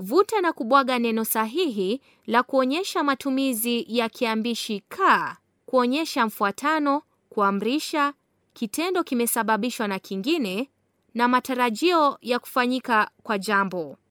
Vuta na kubwaga neno sahihi la kuonyesha matumizi ya kiambishi ka kuonyesha mfuatano, kuamrisha, kitendo kimesababishwa na kingine na matarajio ya kufanyika kwa jambo.